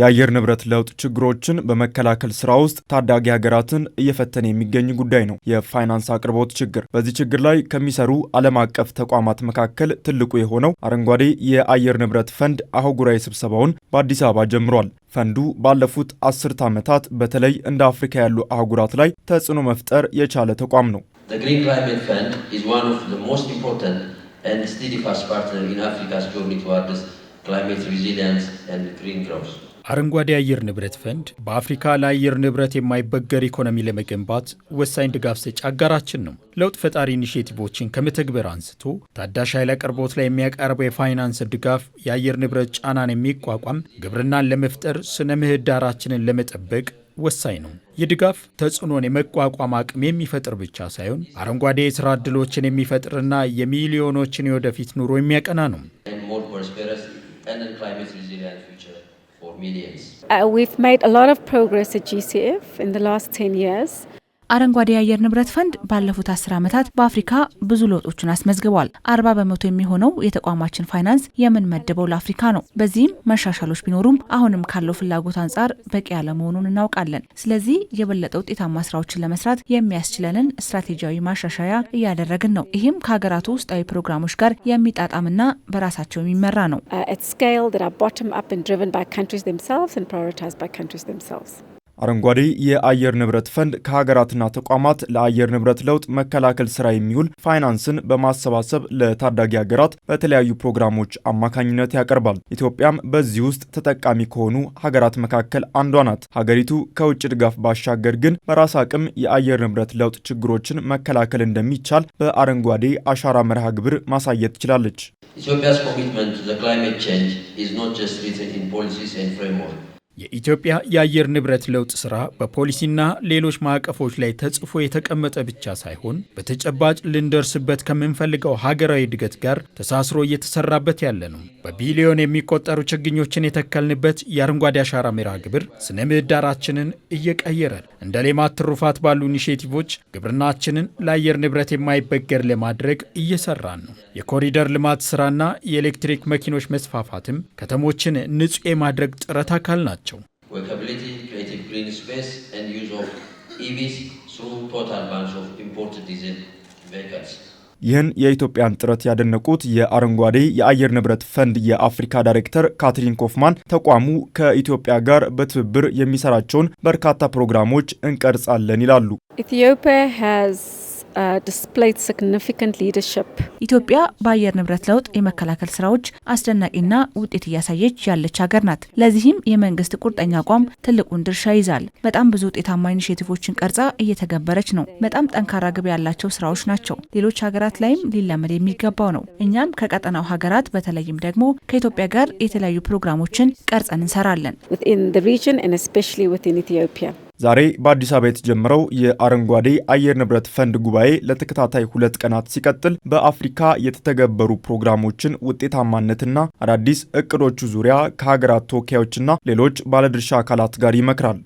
የአየር ንብረት ለውጥ ችግሮችን በመከላከል ስራ ውስጥ ታዳጊ ሀገራትን እየፈተነ የሚገኝ ጉዳይ ነው የፋይናንስ አቅርቦት ችግር። በዚህ ችግር ላይ ከሚሰሩ ዓለም አቀፍ ተቋማት መካከል ትልቁ የሆነው አረንጓዴ የአየር ንብረት ፈንድ አህጉራዊ ስብሰባውን በአዲስ አበባ ጀምሯል። ፈንዱ ባለፉት አስርት ዓመታት በተለይ እንደ አፍሪካ ያሉ አህጉራት ላይ ተጽዕኖ መፍጠር የቻለ ተቋም ነው። አረንጓዴ አየር ንብረት ፈንድ በአፍሪካ ለአየር ንብረት የማይበገር ኢኮኖሚ ለመገንባት ወሳኝ ድጋፍ ሰጪ አጋራችን ነው። ለውጥ ፈጣሪ ኢኒሽቲቮችን ከመተግበር አንስቶ ታዳሽ ኃይል አቅርቦት ላይ የሚያቀርበው የፋይናንስ ድጋፍ የአየር ንብረት ጫናን የሚቋቋም ግብርናን ለመፍጠር ስነ ምህዳራችንን ለመጠበቅ ወሳኝ ነው። የድጋፍ ተጽዕኖን የመቋቋም አቅም የሚፈጥር ብቻ ሳይሆን አረንጓዴ የሥራ ዕድሎችን የሚፈጥርና የሚሊዮኖችን የወደፊት ኑሮ የሚያቀና ነው። millions? Uh, we've made a lot of progress at GCF in the last 10 years. አረንጓዴ የአየር ንብረት ፈንድ ባለፉት አስር ዓመታት በአፍሪካ ብዙ ለውጦችን አስመዝግቧል። አርባ በመቶ የሚሆነው የተቋማችን ፋይናንስ የምንመድበው ለአፍሪካ ነው። በዚህም መሻሻሎች ቢኖሩም አሁንም ካለው ፍላጎት አንጻር በቂ ያለመሆኑን እናውቃለን። ስለዚህ የበለጠ ውጤታማ ስራዎችን ለመስራት የሚያስችለንን ስትራቴጂያዊ ማሻሻያ እያደረግን ነው። ይህም ከሀገራቱ ውስጣዊ ፕሮግራሞች ጋር የሚጣጣምና በራሳቸው የሚመራ ነው። uh, አረንጓዴ የአየር ንብረት ፈንድ ከሀገራትና ተቋማት ለአየር ንብረት ለውጥ መከላከል ስራ የሚውል ፋይናንስን በማሰባሰብ ለታዳጊ ሀገራት በተለያዩ ፕሮግራሞች አማካኝነት ያቀርባል። ኢትዮጵያም በዚህ ውስጥ ተጠቃሚ ከሆኑ ሀገራት መካከል አንዷ ናት። ሀገሪቱ ከውጭ ድጋፍ ባሻገር ግን በራስ አቅም የአየር ንብረት ለውጥ ችግሮችን መከላከል እንደሚቻል በአረንጓዴ አሻራ መርሃ ግብር ማሳየት ትችላለች። ኢትዮጵያስ ኮሚትመንት ለክላይሜት ቼንጅ ኢዝ ኖት ጀስት ሪትን ኢን ፖሊሲስ ኤንድ ፍሬምወርክ የኢትዮጵያ የአየር ንብረት ለውጥ ስራ በፖሊሲና ሌሎች ማዕቀፎች ላይ ተጽፎ የተቀመጠ ብቻ ሳይሆን በተጨባጭ ልንደርስበት ከምንፈልገው ሀገራዊ እድገት ጋር ተሳስሮ እየተሰራበት ያለ ነው። በቢሊዮን የሚቆጠሩ ችግኞችን የተከልንበት የአረንጓዴ አሻራ መርሃ ግብር ስነ ምህዳራችንን እየቀየረ እንደ ሌማት ትሩፋት ባሉ ኢኒሽቲቮች ግብርናችንን ለአየር ንብረት የማይበገር ለማድረግ እየሰራን ነው። የኮሪደር ልማት ስራና የኤሌክትሪክ መኪኖች መስፋፋትም ከተሞችን ንጹህ የማድረግ ጥረት አካል ናቸው። ናቸው። e ይህን የኢትዮጵያን ጥረት ያደነቁት የአረንጓዴ የአየር ንብረት ፈንድ የአፍሪካ ዳይሬክተር ካትሪን ኮፍማን ተቋሙ ከኢትዮጵያ ጋር በትብብር የሚሰራቸውን በርካታ ፕሮግራሞች እንቀርጻለን ይላሉ። Uh, ኢትዮጵያ በአየር ንብረት ለውጥ የመከላከል ስራዎች አስደናቂና ውጤት እያሳየች ያለች ሀገር ናት። ለዚህም የመንግስት ቁርጠኛ አቋም ትልቁን ድርሻ ይዛል። በጣም ብዙ ውጤታማ ኢኒሽቲቮችን ቀርጻ እየተገበረች ነው። በጣም ጠንካራ ግብ ያላቸው ስራዎች ናቸው። ሌሎች ሀገራት ላይም ሊለመድ የሚገባው ነው። እኛም ከቀጠናው ሀገራት በተለይም ደግሞ ከኢትዮጵያ ጋር የተለያዩ ፕሮግራሞችን ቀርጸን እንሰራለን። ዛሬ በአዲስ አበባ የተጀመረው የአረንጓዴ አየር ንብረት ፈንድ ጉባኤ ለተከታታይ ሁለት ቀናት ሲቀጥል በአፍሪካ የተተገበሩ ፕሮግራሞችን ውጤታማነትና አዳዲስ እቅዶቹ ዙሪያ ከሀገራት ተወካዮችና ሌሎች ባለድርሻ አካላት ጋር ይመክራል።